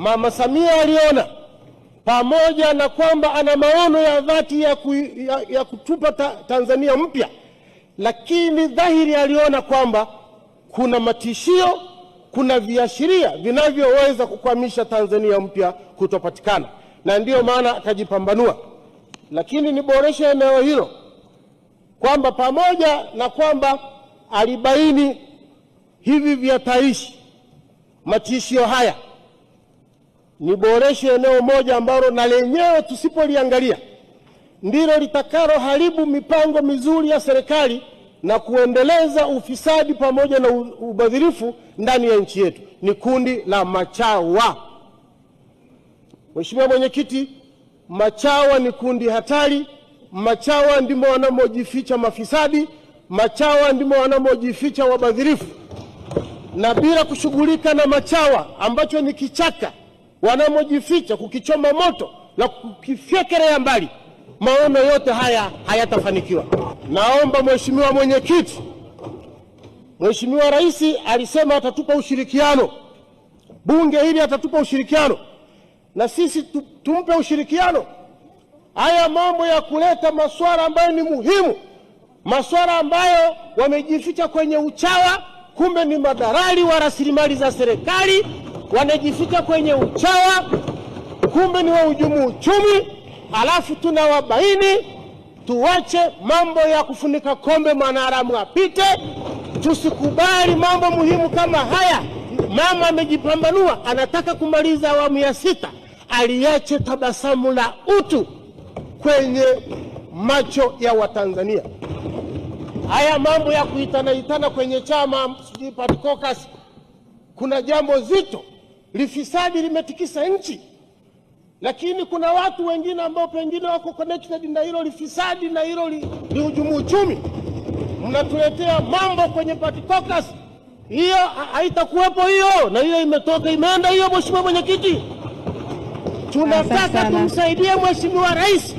Mama Samia aliona pamoja na kwamba ana maono ya dhati ya, ku, ya, ya kutupa ta, Tanzania mpya, lakini dhahiri aliona kwamba kuna matishio, kuna viashiria vinavyoweza kukwamisha Tanzania mpya kutopatikana, na ndiyo maana akajipambanua. Lakini niboreshe eneo hilo kwamba pamoja na kwamba alibaini hivi taishi matishio haya niboreshe eneo moja ambalo na lenyewe tusipoliangalia ndilo litakaloharibu mipango mizuri ya serikali na kuendeleza ufisadi pamoja na ubadhirifu ndani ya nchi yetu, ni kundi la machawa. Mheshimiwa Mwenyekiti, machawa ni kundi hatari. Machawa ndimo wanamojificha mafisadi, machawa ndimo wanamojificha wabadhirifu, na bila kushughulika na machawa ambacho ni kichaka wanamojificha kukichoma moto na kukifyekerea mbali, maono yote haya hayatafanikiwa. Naomba Mheshimiwa Mwenyekiti, Mheshimiwa Rais alisema atatupa ushirikiano, bunge hili atatupa ushirikiano, na sisi tumpe ushirikiano. Haya mambo ya kuleta masuala ambayo ni muhimu, masuala ambayo wamejificha kwenye uchawa, kumbe ni madalali wa rasilimali za serikali wanajificha kwenye uchawa, kumbe ni wahujumu uchumi, alafu tunawabaini. Tuache mambo ya kufunika kombe mwanaharamu apite, tusikubali mambo muhimu kama haya. Mama amejipambanua, anataka kumaliza awamu ya sita, aliache tabasamu la utu kwenye macho ya Watanzania. Haya mambo ya kuitanaitana kwenye chama sijui party caucus, kuna jambo zito. Lifisadi limetikisa nchi, lakini kuna watu wengine ambao pengine wako connected na hilo lifisadi na hilo lihujumu uchumi, mnatuletea mambo kwenye party caucus. Hiyo haitakuwepo hiyo, na hiyo imetoka imeenda hiyo. Mheshimiwa Mwenyekiti, tunataka tumsaidie Mheshimiwa Rais